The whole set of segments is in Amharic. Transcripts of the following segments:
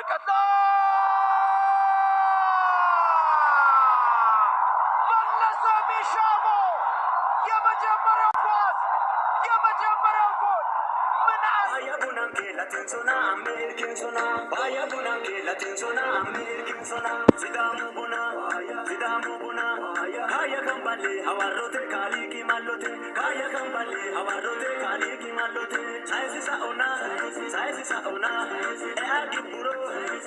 ርቀት ነው። መለሰ ቢሻሞ የመጀመሪያው ኳስ የመጀመሪያው ጎል ምን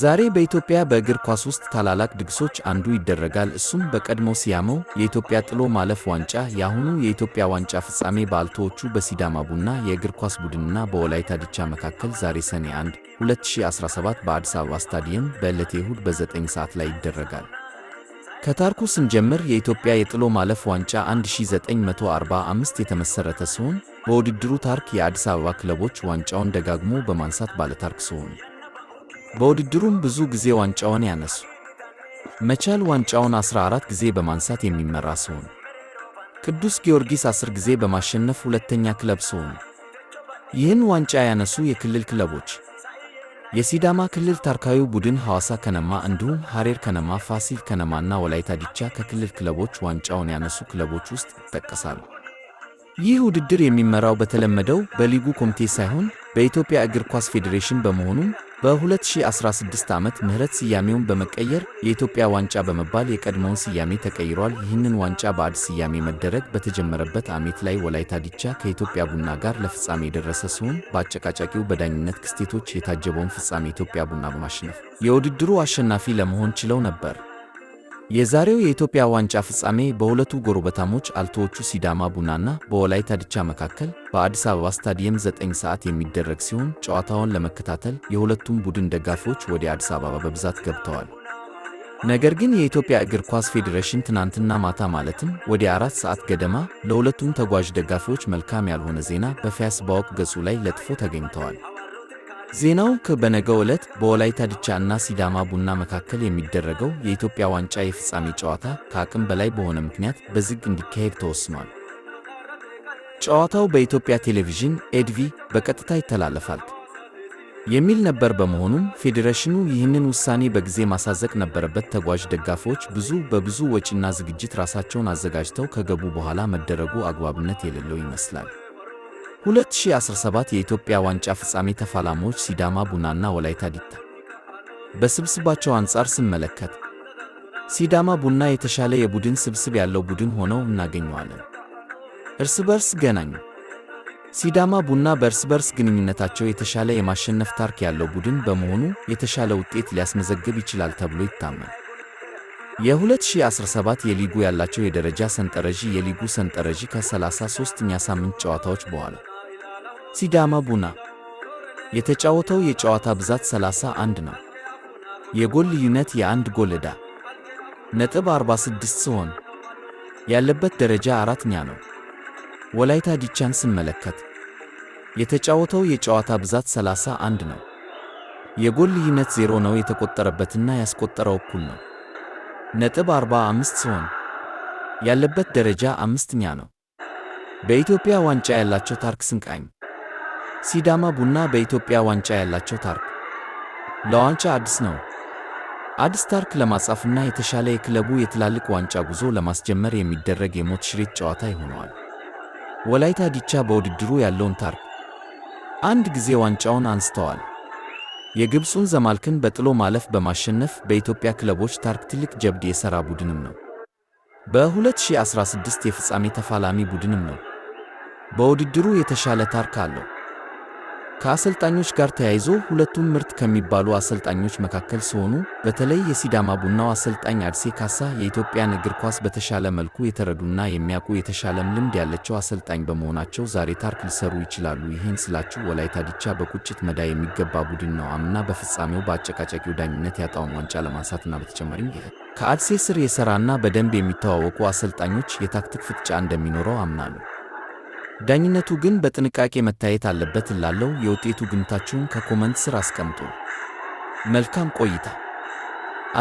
ዛሬ በኢትዮጵያ በእግር ኳስ ውስጥ ታላላቅ ድግሶች አንዱ ይደረጋል። እሱም በቀድሞ ሲያመው የኢትዮጵያ ጥሎ ማለፍ ዋንጫ የአሁኑ የኢትዮጵያ ዋንጫ ፍጻሜ ባልቶዎቹ በሲዳማ ቡና የእግር ኳስ ቡድንና በወላይታ ዲቻ መካከል ዛሬ ሰኔ 1 2017 በአዲስ አበባ ስታዲየም በዕለተ እሁድ በ9 ሰዓት ላይ ይደረጋል። ከታርኩ ስንጀምር የኢትዮጵያ የጥሎ ማለፍ ዋንጫ 1945 የተመሠረተ ሲሆን በውድድሩ ታርክ የአዲስ አበባ ክለቦች ዋንጫውን ደጋግሞ በማንሳት ባለታርክ ሲሆኑ በውድድሩም ብዙ ጊዜ ዋንጫውን ያነሱ። መቻል ዋንጫውን 14 ጊዜ በማንሳት የሚመራ ሲሆን ቅዱስ ጊዮርጊስ 10 ጊዜ በማሸነፍ ሁለተኛ ክለብ ሲሆኑ ይህን ዋንጫ ያነሱ የክልል ክለቦች የሲዳማ ክልል ታርካዩ ቡድን ሐዋሳ ከነማ እንዲሁም ሐሬር ከነማ፣ ፋሲል ከነማና ወላይታ ዲቻ ከክልል ክለቦች ዋንጫውን ያነሱ ክለቦች ውስጥ ይጠቀሳሉ። ይህ ውድድር የሚመራው በተለመደው በሊጉ ኮሚቴ ሳይሆን በኢትዮጵያ እግር ኳስ ፌዴሬሽን በመሆኑም በ2016 ዓመት ምህረት ስያሜውን በመቀየር የኢትዮጵያ ዋንጫ በመባል የቀድሞውን ስያሜ ተቀይሯል። ይህንን ዋንጫ በአዲስ ስያሜ መደረግ በተጀመረበት ዓመት ላይ ወላይታ ዲቻ ከኢትዮጵያ ቡና ጋር ለፍጻሜ የደረሰ ሲሆን በአጨቃጫቂው በዳኝነት ክስቴቶች የታጀበውን ፍጻሜ ኢትዮጵያ ቡና በማሸነፍ የውድድሩ አሸናፊ ለመሆን ችለው ነበር። የዛሬው የኢትዮጵያ ዋንጫ ፍጻሜ በሁለቱ ጎረቤታሞች አልቶዎቹ ሲዳማ ቡናና በወላይታ ድቻ መካከል በአዲስ አበባ ስታዲየም 9 ሰዓት የሚደረግ ሲሆን ጨዋታውን ለመከታተል የሁለቱም ቡድን ደጋፊዎች ወደ አዲስ አበባ በብዛት ገብተዋል። ነገር ግን የኢትዮጵያ እግር ኳስ ፌዴሬሽን ትናንትና ማታ ማለትም ወደ አራት ሰዓት ገደማ ለሁለቱም ተጓዥ ደጋፊዎች መልካም ያልሆነ ዜና በፌስቡክ ገጹ ላይ ለጥፎ ተገኝተዋል። ዜናው በነገው ዕለት በወላይታ ድቻ እና ሲዳማ ቡና መካከል የሚደረገው የኢትዮጵያ ዋንጫ የፍጻሜ ጨዋታ ከአቅም በላይ በሆነ ምክንያት በዝግ እንዲካሄድ ተወስኗል። ጨዋታው በኢትዮጵያ ቴሌቪዥን ኤድቪ በቀጥታ ይተላለፋል የሚል ነበር። በመሆኑም ፌዴሬሽኑ ይህንን ውሳኔ በጊዜ ማሳዘቅ ነበረበት። ተጓዥ ደጋፊዎች ብዙ በብዙ ወጪና ዝግጅት ራሳቸውን አዘጋጅተው ከገቡ በኋላ መደረጉ አግባብነት የሌለው ይመስላል። 2017 የኢትዮጵያ ዋንጫ ፍጻሜ ተፋላሚዎች ሲዳማ ቡናና ወላይታ ዲታ። በስብስባቸው አንጻር ስንመለከት ሲዳማ ቡና የተሻለ የቡድን ስብስብ ያለው ቡድን ሆነው እናገኘዋለን። እርስ በርስ ገናኙ ሲዳማ ቡና በእርስ በርስ ግንኙነታቸው የተሻለ የማሸነፍ ታርክ ያለው ቡድን በመሆኑ የተሻለ ውጤት ሊያስመዘግብ ይችላል ተብሎ ይታመናል። የ2017 የሊጉ ያላቸው የደረጃ ሰንጠረዥ የሊጉ ሰንጠረዥ ከ33ኛ ሳምንት ጨዋታዎች በኋላ ሲዳማ ቡና የተጫወተው የጨዋታ ብዛት 31 ነው። የጎል ልዩነት የአንድ ጎል ዕዳ ነጥብ 46 ሲሆን ያለበት ደረጃ አራተኛ ነው። ወላይታ ዲቻን ስንመለከት የተጫወተው የጨዋታ ብዛት 31 ነው። የጎል ልዩነት ዜሮ ነው። የተቆጠረበትና ያስቆጠረው እኩል ነው። ነጥብ 45 ሲሆን ያለበት ደረጃ አምስተኛ ነው። በኢትዮጵያ ዋንጫ ያላቸው ታርክ ስንቃኝ ሲዳማ ቡና በኢትዮጵያ ዋንጫ ያላቸው ታርክ ለዋንጫ አዲስ ነው። አዲስ ታሪክ ለማጻፍና የተሻለ የክለቡ የትላልቅ ዋንጫ ጉዞ ለማስጀመር የሚደረግ የሞት ሽረት ጨዋታ ይሆነዋል። ወላይታ ዲቻ በውድድሩ ያለውን ታርክ አንድ ጊዜ ዋንጫውን አንስተዋል። የግብፁን ዘማልክን በጥሎ ማለፍ በማሸነፍ በኢትዮጵያ ክለቦች ታርክ ትልቅ ጀብድ የሠራ ቡድንም ነው። በ2016 የፍጻሜ ተፋላሚ ቡድንም ነው። በውድድሩ የተሻለ ታርክ አለው። ከአሰልጣኞች ጋር ተያይዞ ሁለቱም ምርጥ ከሚባሉ አሰልጣኞች መካከል ሲሆኑ በተለይ የሲዳማ ቡናው አሰልጣኝ አድሴ ካሳ የኢትዮጵያን እግር ኳስ በተሻለ መልኩ የተረዱና የሚያውቁ የተሻለም ልምድ ያለቸው አሰልጣኝ በመሆናቸው ዛሬ ታሪክ ሊሰሩ ይችላሉ። ይህን ስላችሁ ወላይታ ዲቻ በቁጭት መዳ የሚገባ ቡድን ነው። አምና በፍጻሜው በአጨቃጫቂው ዳኝነት ያጣውን ዋንጫ ለማንሳትና በተጨማሪም ከአድሴ ስር የሰራና በደንብ የሚተዋወቁ አሰልጣኞች የታክቲክ ፍጥጫ እንደሚኖረው ነው። ዳኝነቱ ግን በጥንቃቄ መታየት አለበት እላለሁ። የውጤቱ ግምታችሁን ከኮመንት ስር አስቀምጡ። መልካም ቆይታ።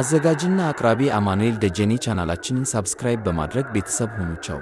አዘጋጅና አቅራቢ አማኑኤል ደጀኔ። ቻናላችንን ሳብስክራይብ በማድረግ ቤተሰብ ሆኑ። ቻው